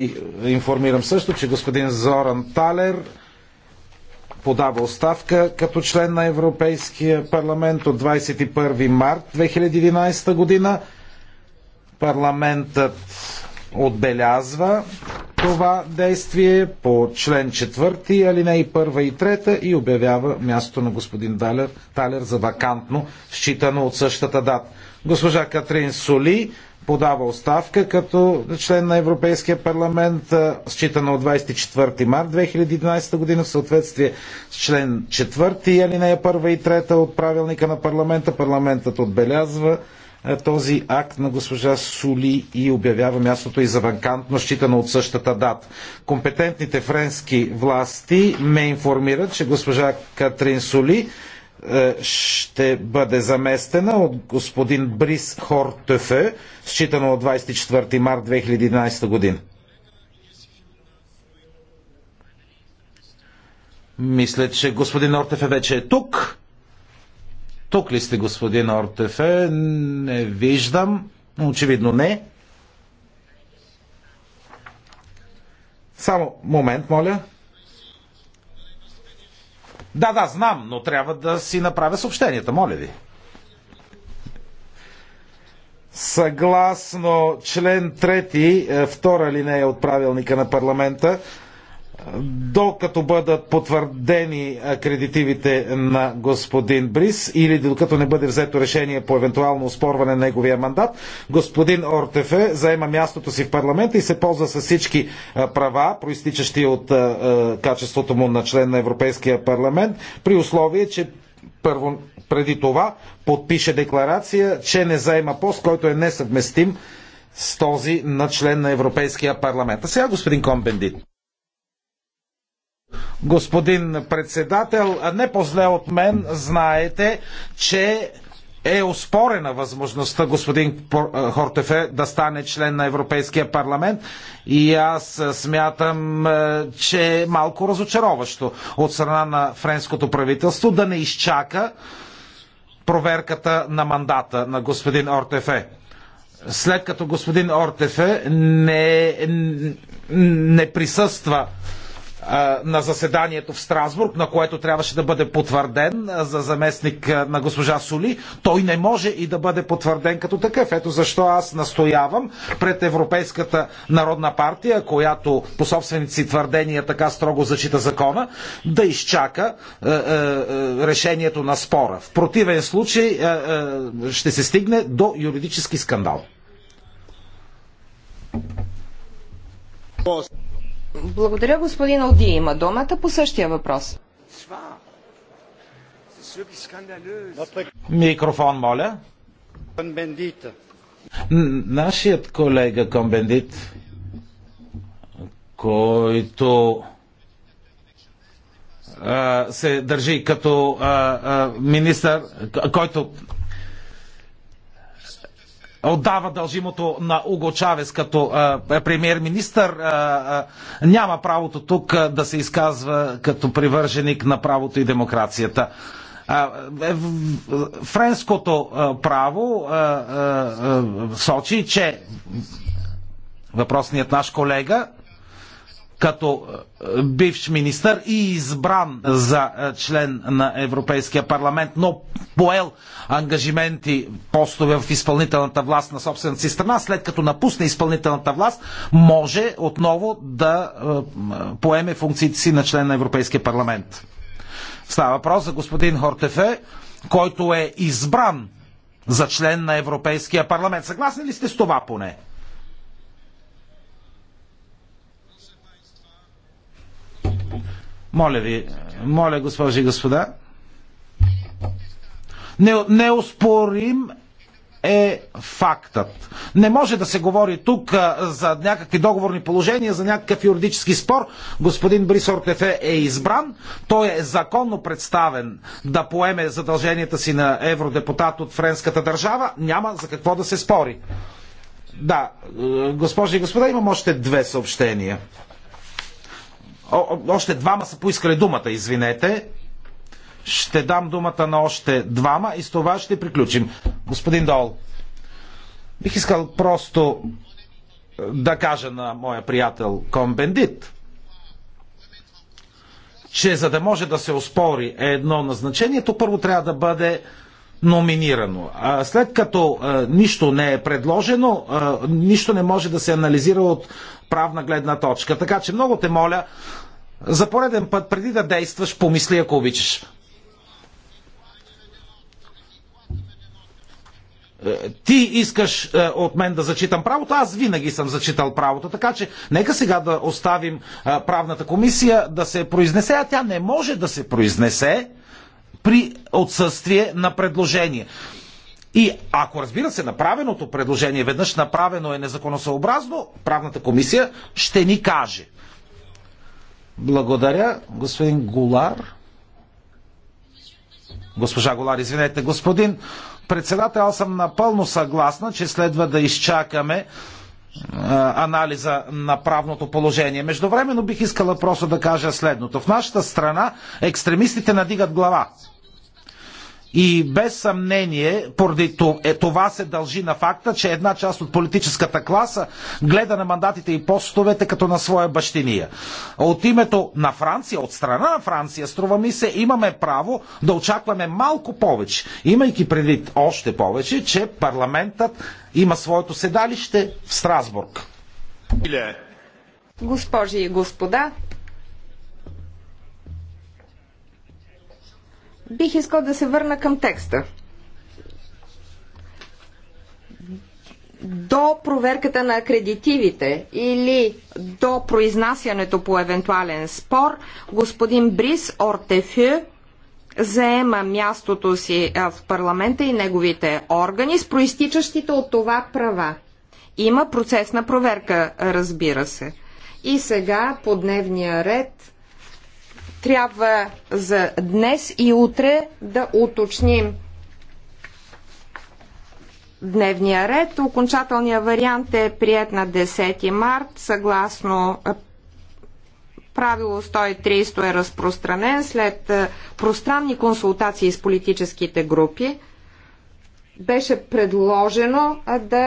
И е, информирам също, че господин Зоран Талер подава оставка като член на Европейския парламент от 21 март 2011 година. Парламентът отбелязва това действие по член 4, алинеи 1 и 3 и обявява мястото на господин Талер, Талер за вакантно, считано от същата дата. Госпожа Катрин Соли подава оставка като член на Европейския парламент, считано от 24 март 2011 година в съответствие с член 4, алинея 1 и 3 от правилника на парламента. Парламентът отбелязва този акт на госпожа Сули и обявява мястото и за вакантно, считано от същата дата. Компетентните френски власти ме информират, че госпожа Катрин Сули е, ще бъде заместена от господин Брис Хортефе, считано от 24 март 2011 година. Мисля, че господин Ортефе вече е тук. Тук ли сте, господин Ортефе? Не виждам. Очевидно не. Само момент, моля. Да, да, знам, но трябва да си направя съобщенията, моля ви. Съгласно член 3, е, втора линия от правилника на парламента, докато бъдат потвърдени кредитивите на господин Брис или докато не бъде взето решение по евентуално спорване на неговия мандат, господин Ортефе заема мястото си в парламента и се ползва с всички права, проистичащи от качеството му на член на Европейския парламент, при условие, че първо, преди това подпише декларация, че не заема пост, който е несъвместим с този на член на Европейския парламент. А сега господин Комбендит господин председател. Не по-зле от мен знаете, че е оспорена възможността господин Хортефе да стане член на Европейския парламент и аз смятам, че е малко разочароващо от страна на френското правителство да не изчака проверката на мандата на господин Ортефе. След като господин Ортефе не, не присъства на заседанието в Страсбург, на което трябваше да бъде потвърден за заместник на госпожа Соли, той не може и да бъде потвърден като такъв. Ето защо аз настоявам пред Европейската народна партия, която по собствените си твърдения така строго зачита закона, да изчака е, е, решението на спора. В противен случай е, ще се стигне до юридически скандал. Благодаря, господин Алди Има думата по същия въпрос. Микрофон, моля. Нашият колега Комбендит, който се държи като министър, който отдава дължимото на Уго Чавес като премьер-министър, няма правото тук да се изказва като привърженик на правото и демокрацията. Е, френското право сочи, че въпросният наш колега като е, бивш министър и избран за е, член на Европейския парламент, но поел ангажименти, постове в изпълнителната власт на собствената си страна, след като напусне изпълнителната власт, може отново да е, поеме функциите си на член на Европейския парламент. Става въпрос за господин Хортефе, който е избран за член на Европейския парламент. Съгласни ли сте с това поне? Моля ви, моля, госпожи и господа. Не, успорим е фактът. Не може да се говори тук а, за някакви договорни положения, за някакъв юридически спор. Господин Брис Ортефе е избран. Той е законно представен да поеме задълженията си на евродепутат от френската държава. Няма за какво да се спори. Да, е, госпожи и господа, имам още две съобщения. О, още двама са поискали думата, извинете. Ще дам думата на още двама и с това ще приключим. Господин Дол, бих искал просто да кажа на моя приятел Комбендит, че за да може да се оспори едно назначението, първо трябва да бъде номинирано. А след като а, нищо не е предложено, а, нищо не може да се анализира от правна гледна точка. Така че много те моля, за пореден път, преди да действаш, помисли, ако обичаш. Е, ти искаш е, от мен да зачитам правото, аз винаги съм зачитал правото. Така че нека сега да оставим е, правната комисия да се произнесе, а тя не може да се произнесе при отсъствие на предложение. И ако, разбира се, направеното предложение веднъж направено е незаконосъобразно, правната комисия ще ни каже. Благодаря, господин Голар. Госпожа Голар, извинете, господин председател, аз съм напълно съгласна, че следва да изчакаме анализа на правното положение. Междувременно бих искала просто да кажа следното. В нашата страна екстремистите надигат глава. И без съмнение, поради е, това се дължи на факта, че една част от политическата класа гледа на мандатите и постовете като на своя бащиния. От името на Франция, от страна на Франция, струва ми се, имаме право да очакваме малко повече, имайки предвид още повече, че парламентът има своето седалище в Страсбург. Госпожи и господа, Бих искал да се върна към текста. До проверката на акредитивите или до произнасянето по евентуален спор, господин Брис Ортефю заема мястото си в парламента и неговите органи с проистичащите от това права. Има процесна проверка, разбира се. И сега по дневния ред трябва за днес и утре да уточним дневния ред. Окончателният вариант е прият на 10 март, съгласно правило 130 е разпространен след пространни консултации с политическите групи. Беше предложено да